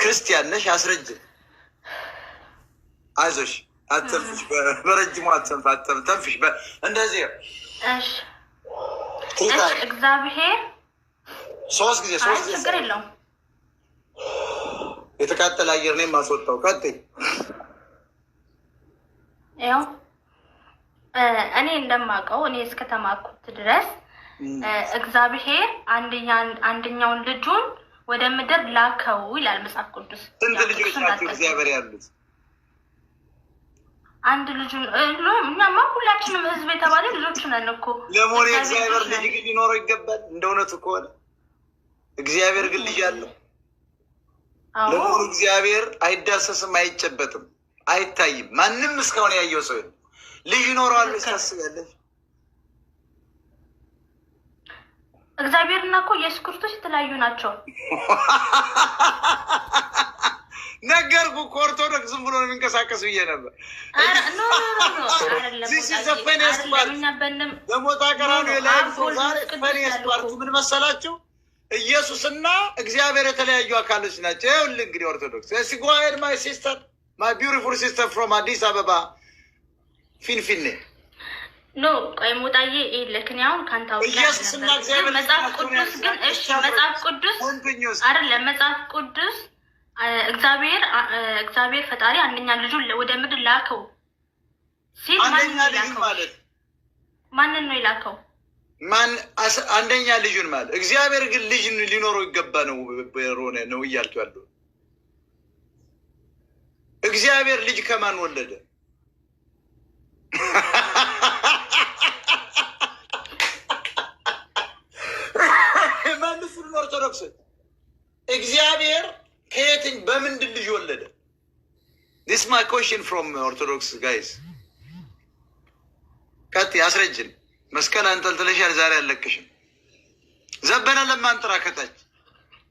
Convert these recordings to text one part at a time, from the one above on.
ክርስቲያን ነሽ አስረጅ። አይዞሽ፣ አተንፍሽ፣ በረጅሙ ተንፍሽ እንደዚህ እግዚአብሔር ሶስት ጊዜ ሶስት ጊዜ ችግር የለውም። የተቃጠለ አየር ነው የማስወጣው። ቀጥይ። ያው እኔ እንደማውቀው እኔ እስከተማኩት ድረስ እግዚአብሔር አንደኛውን ልጁን ወደ ምድር ላከው ይላል መጽሐፍ ቅዱስ። ስንት ልጆች ናቸው እግዚአብሔር ያሉት? አንድ ልጁ እኛማ ሁላችንም ህዝብ የተባለ ልጆች ነን እኮ። ለመሆኑ የእግዚአብሔር ልጅ ግን ሊኖረው ይገባል? እንደ እውነቱ ከሆነ እግዚአብሔር ግን ልጅ አለው? ለመሆኑ እግዚአብሔር አይዳሰስም፣ አይጨበጥም፣ አይታይም። ማንም እስካሁን ያየው ሰው ልጅ ይኖረዋል ታስባለች እግዚአብሔር እና እኮ ኢየሱስ ክርስቶስ የተለያዩ ናቸው። ነገርኩ እኮ ኦርቶዶክስ ዝም ብሎ የሚንቀሳቀስ ብዬ ነበር። በሞት ቀራንዮ ላይ ምን መሰላችሁ? ኢየሱስና እግዚአብሔር የተለያዩ አካሎች ናቸው። ይኸውልህ እንግዲህ ኦርቶዶክስ ሲጓሄድ ማይ ሲስተር ማይ ቢዩቲፉል ሲስተር ፍሮም አዲስ አበባ ፊንፊኔ ኖ ቆይ ሞጣዬ ልክን ያሁን ካንታው መጽሐፍ ቅዱስ ግን እሺ፣ መጽሐፍ ቅዱስ አይደለም። መጽሐፍ ቅዱስ እግዚአብሔር እግዚአብሔር ፈጣሪ አንደኛ ልጁን ወደ ምድር ላከው ሲል ማንን ነው የላከው? ማን አንደኛ ልጁን ማለት እግዚአብሔር ግን ልጅ ሊኖረው ይገባ ነው ሆነ ነው እያልኩ ያለው እግዚአብሔር ልጅ ከማን ወለደ? ኦርቶዶክሶች እግዚአብሔር ከየትኝ በምንድን ልጅ ወለደ? ዲስ ማይ ኮሽን ፍሮም ኦርቶዶክስ ጋይስ ቀጥ ያስረጅን መስቀል አንጠልጥለሻል፣ ዛሬ አለቅሽም። ዘበነ ለማንጥራ ከታች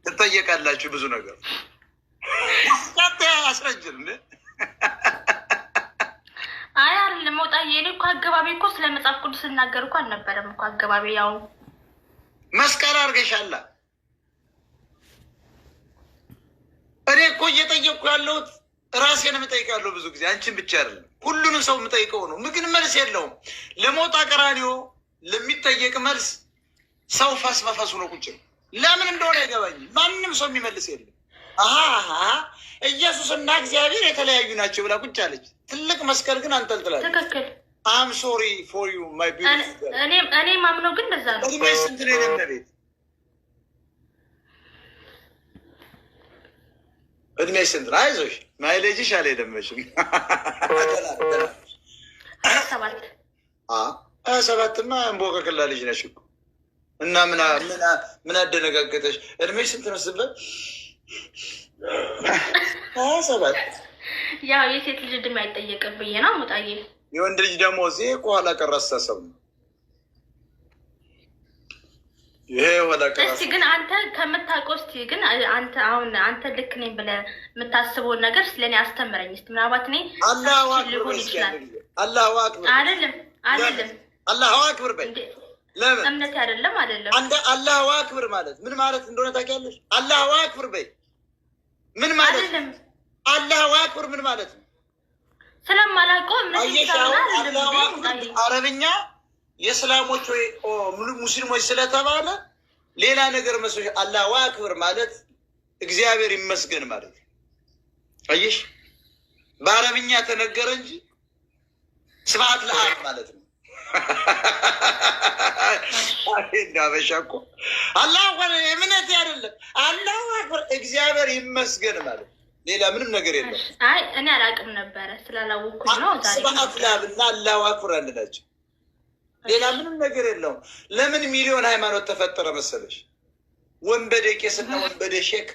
ትጠየቃላችሁ ብዙ ነገር። ቀጥ ያስረጅን እ አይ አይደለም ወጣ የኔ እኮ አገባቢ እኮ ስለ መጽሐፍ ቅዱስ ስናገር እኮ አልነበረም እኮ አገባቢ ያው መስቀል አድርገሻላ እኔ እኮ እየጠየቅኩ ያለሁት ራሴን የምጠይቅ የምጠይቃለሁ ብዙ ጊዜ አንቺን ብቻ አይደለም፣ ሁሉንም ሰው የምጠይቀው ነው። ምግን መልስ የለውም። ለሞት አቀራኒዮ ለሚጠየቅ መልስ ሰው ፈስ በፈሱ ነው ቁጭ ለምን እንደሆነ አይገባኝ። ማንም ሰው የሚመልስ የለም። አሀ እና እግዚአብሔር የተለያዩ ናቸው ብላ ቁጭ አለች። ትልቅ መስቀል ግን አንጠልጥላለች። ትክክል። አም ሶሪ ፎር ዩ ማይ ቢ እኔ ማምነው ግን በዛ ነው። ስንት ነው የሌለ ቤት እድሜ ስንት ነው? አይዞሽ ማይሌጅሽ አልሄደም መቼም ሀያ ሰባትማ ልጅ ነሽ እኮ እና ምን አደነጋገጠሽ? እድሜሽ ስንት ነው ስበት ሰባት ያው የሴት ልጅ እድሜ አይጠየቅም ብዬ ነው ሙጣዬ። የወንድ ልጅ ደግሞ እዚህ ከኋላ ቀር አስተሳሰብ ነው። እስቲ ግን አንተ ከምታውቀው እስቲ ግን አንተ አሁን አንተ ልክ ነኝ ብለህ የምታስበውን ነገር ስለኔ አስተምረኝ እስቲ። ምናልባት እኔ ሊሆን ይችላል። አይደለም አይደለም፣ አክብር በይ። ለምን እምነት አይደለም አይደለም። አንተ አላሁ አክብር ማለት ምን ማለት እንደሆነ ታውቂያለሽ? አላሁ አክብር በይ ምን ማለት አይደለም። አላሁ አክብር ምን ማለት ነው? ስለማላውቀው ምን ይሻላል? አረብኛ የእስላሞች ወይ ሙስሊሞች ስለተባለ ሌላ ነገር መስ አላሁ አክበር ማለት እግዚአብሔር ይመስገን ማለት አየሽ፣ በአረብኛ ተነገረ እንጂ ስብሐት ለአብ ማለት ነው። እንዳበሻ እኮ አላሁ አክበር እምነት አይደለም፣ አላሁ አክበር እግዚአብሔር ይመስገን ማለት ሌላ ምንም ነገር የለም። አይ እኔ አላውቅም ነበረ ስላላወኩኝ ነው። ስብሐት ለአብ እና አላሁ አክበር አንድ ናቸው። ሌላ ምንም ነገር የለውም። ለምን ሚሊዮን ሃይማኖት ተፈጠረ መሰለሽ? ወንበዴ ቄስና ወንበዴ ሼክ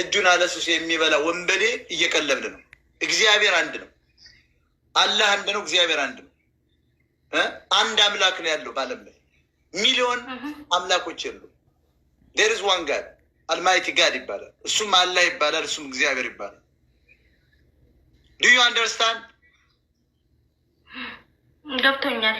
እጁን አለሱስ የሚበላ ወንበዴ እየቀለብን ነው። እግዚአብሔር አንድ ነው። አላህ አንድ ነው። እግዚአብሔር አንድ ነው። አንድ አምላክ ነው ያለው ባለም ላይ ሚሊዮን አምላኮች የሉ። ዴርዝ ዋን ጋድ አልማይቲ ጋድ ይባላል። እሱም አላህ ይባላል። እሱም እግዚአብሔር ይባላል። ዱ ዩ አንደርስታንድ ገብቶኛል።